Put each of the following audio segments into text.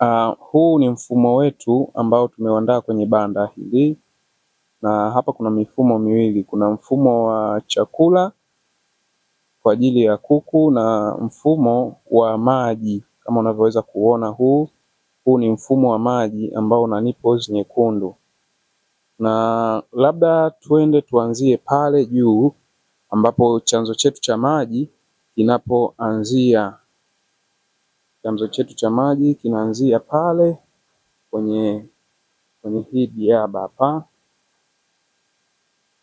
Uh, huu ni mfumo wetu ambao tumeuandaa kwenye banda hili, na hapa kuna mifumo miwili. Kuna mfumo wa chakula kwa ajili ya kuku na mfumo wa maji kama unavyoweza kuona huu. Huu ni mfumo wa maji ambao una nipples nyekundu, na labda tuende tuanzie pale juu ambapo chanzo chetu cha maji kinapoanzia. Chanzo chetu cha maji kinaanzia pale kwenye hii diaba hapa,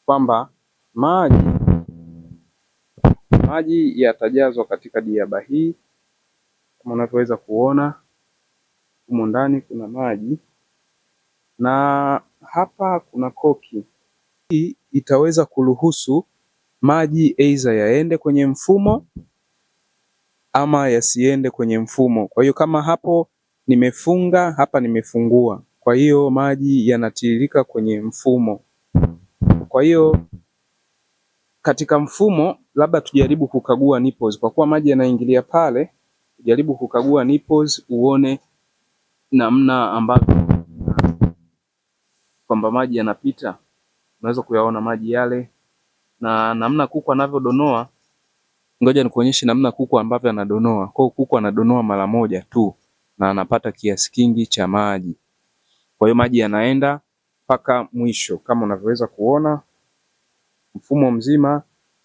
kwamba maji yatajazwa katika diaba hii kama unavyoweza kuona humo ndani kuna maji na hapa kuna koki. Hii itaweza kuruhusu maji aidha yaende kwenye mfumo ama yasiende kwenye mfumo. Kwa hiyo kama hapo nimefunga, hapa nimefungua, kwa hiyo maji yanatiririka kwenye mfumo. Kwa hiyo katika mfumo labda tujaribu kukagua nipples. Kwa kuwa maji yanaingilia pale, jaribu kukagua nipples uone namna ambavyo kwamba maji yanapita, unaweza kuyaona maji yale na namna kuku anavyodonoa Ngoja nikuonyeshe namna kuku ambavyo anadonoa. Kwa kuku anadonoa mara moja tu na anapata kiasi kingi cha maji. Kwa hiyo maji yanaenda mpaka mwisho kama unavyoweza kuona mfumo mzima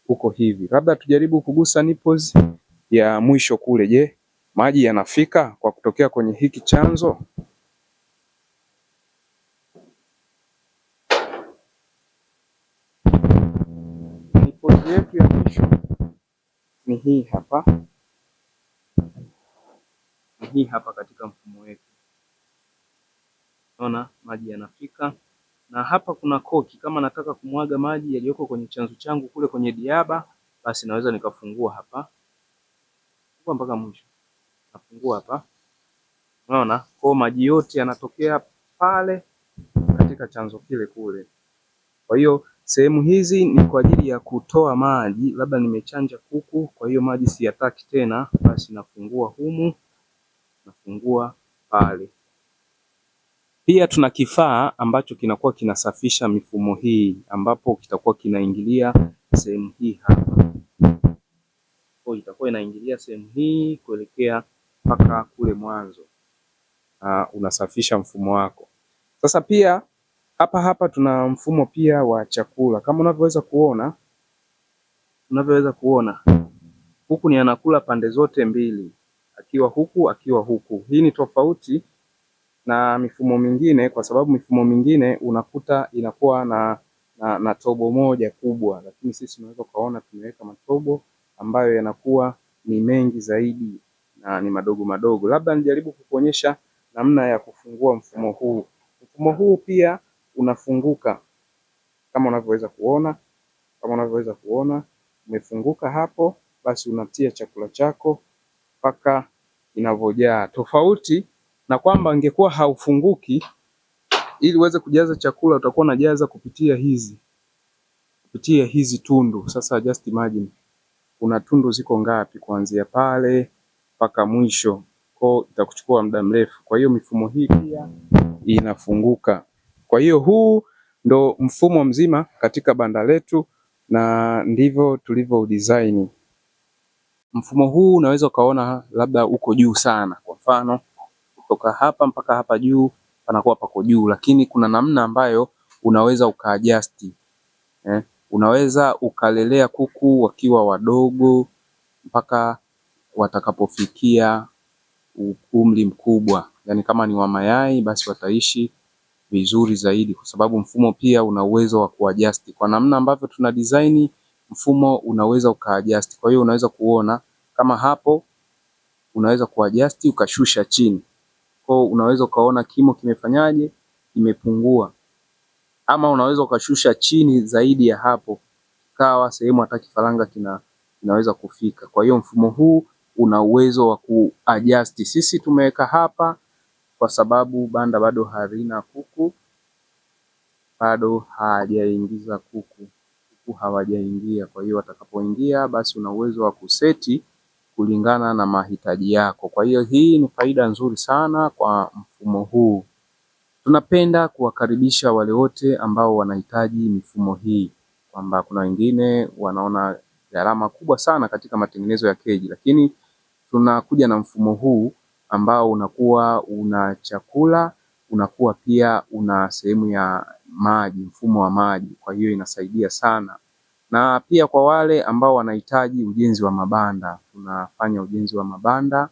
uko hivi. Labda tujaribu kugusa nipples ya mwisho kule. Je, maji yanafika kwa kutokea kwenye hiki chanzo? Nipples yetu ya ni hii hapa, ni hii hapa katika mfumo wetu. Unaona maji yanafika, na hapa kuna koki. Kama nataka kumwaga maji yaliyoko kwenye chanzo changu kule kwenye diaba, basi naweza nikafungua hapa mpaka mwisho, nafungua hapa. Unaona kwa maji yote yanatokea pale katika chanzo kile kule, kwa hiyo Sehemu hizi ni kwa ajili ya kutoa maji, labda nimechanja kuku, kwa hiyo maji siyataki tena, basi nafungua humu, nafungua pale. Pia tuna kifaa ambacho kinakuwa kinasafisha mifumo hii, ambapo kitakuwa kinaingilia sehemu hii hapa, kwa itakuwa inaingilia sehemu hii kuelekea mpaka kule mwanzo. Uh, unasafisha mfumo wako sasa pia hapa hapa tuna mfumo pia wa chakula kama unavyoweza kuona, unavyoweza kuona huku ni anakula pande zote mbili, akiwa huku akiwa huku. Hii ni tofauti na mifumo mingine, kwa sababu mifumo mingine unakuta inakuwa na, na, na tobo moja kubwa, lakini sisi unaweza ukaona tumeweka matobo ambayo yanakuwa ni mengi zaidi na ni madogo madogo. Labda nijaribu kukuonyesha namna ya kufungua mfumo huu. Mfumo huu pia unafunguka kama unavyoweza kuona, kama unavyoweza kuona umefunguka hapo, basi unatia chakula chako mpaka inavyojaa, tofauti na kwamba ingekuwa haufunguki. Ili uweze kujaza chakula utakuwa unajaza kupitia hizi kupitia hizi tundu. Sasa just imagine kuna tundu ziko ngapi kuanzia pale mpaka mwisho, kwa itakuchukua muda mrefu. Kwa hiyo mifumo hii pia inafunguka. Kwa hiyo huu ndo mfumo mzima katika banda letu na ndivyo tulivyo design. Mfumo huu unaweza ukaona labda uko juu sana, kwa mfano kutoka hapa mpaka hapa juu panakuwa pako juu, lakini kuna namna ambayo unaweza ukaadjust eh, unaweza ukalelea kuku wakiwa wadogo mpaka watakapofikia umri mkubwa, yaani kama ni wa mayai basi wataishi vizuri zaidi, kwa sababu mfumo pia una uwezo wa kuadjust kwa namna ambavyo tuna design mfumo unaweza ukaadjust. Kwa hiyo unaweza kuona kama hapo unaweza kuadjust ukashusha chini, kwa unaweza ukaona kimo kimefanyaje, imepungua ama unaweza ukashusha chini zaidi ya hapo, kawa sehemu hata kifaranga kina kinaweza kufika. Kwa hiyo mfumo huu una uwezo wa kuadjust. Sisi tumeweka hapa kwa sababu banda bado halina kuku, bado hajaingiza kuku, kuku hawajaingia. Kwa hiyo watakapoingia, basi una uwezo wa kuseti kulingana na mahitaji yako. Kwa hiyo hii ni faida nzuri sana kwa mfumo huu. Tunapenda kuwakaribisha wale wote ambao wanahitaji mifumo hii, kwamba kuna wengine wanaona gharama kubwa sana katika matengenezo ya keji, lakini tunakuja na mfumo huu ambao unakuwa una chakula, unakuwa pia una sehemu ya maji, mfumo wa maji. Kwa hiyo inasaidia sana, na pia kwa wale ambao wanahitaji ujenzi wa mabanda, tunafanya ujenzi wa mabanda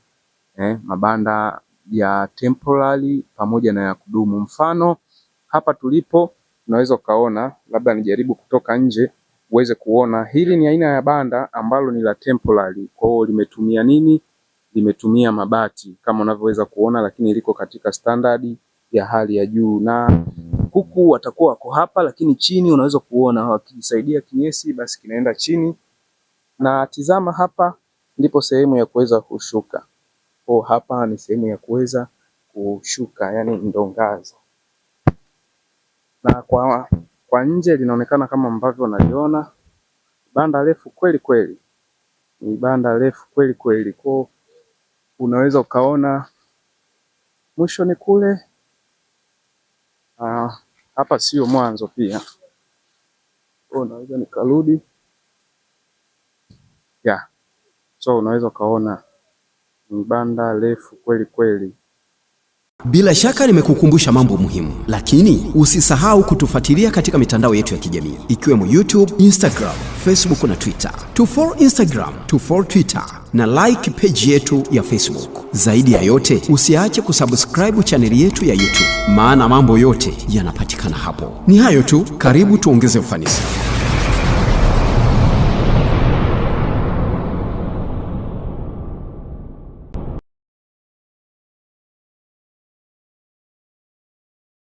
eh, mabanda ya temporary pamoja na ya kudumu. Mfano hapa tulipo unaweza ukaona, labda nijaribu kutoka nje uweze kuona, hili ni aina ya banda ambalo ni la temporary. Kwao limetumia nini? limetumia mabati kama unavyoweza kuona, lakini liko katika standard ya hali ya juu, na kuku watakuwa wako hapa, lakini chini unaweza kuona wakijisaidia kinyesi, basi kinaenda chini, na tizama hapa ndipo sehemu ya kuweza kushuka. Oh, hapa ni sehemu ya kuweza kushuka, yani ndo ngazi. Na kwa, kwa nje linaonekana kama ambavyo unaliona banda refu kweli kweli, ni banda refu kweli kweli kwa unaweza ukaona mwisho ni kule. Aa, ah, hapa sio mwanzo pia, unaweza oh, nikarudi yeah. So unaweza ukaona ni banda refu kweli kweli. Bila shaka nimekukumbusha mambo muhimu, lakini usisahau kutufuatilia katika mitandao yetu ya kijamii ikiwemo YouTube, Instagram Facebook na Twitter, 24 Instagram, 24 Twitter na like page yetu ya Facebook. Zaidi ya yote, usiache kusubscribe chaneli yetu ya YouTube, maana mambo yote yanapatikana hapo. Ni hayo tu, karibu tuongeze ufanisi.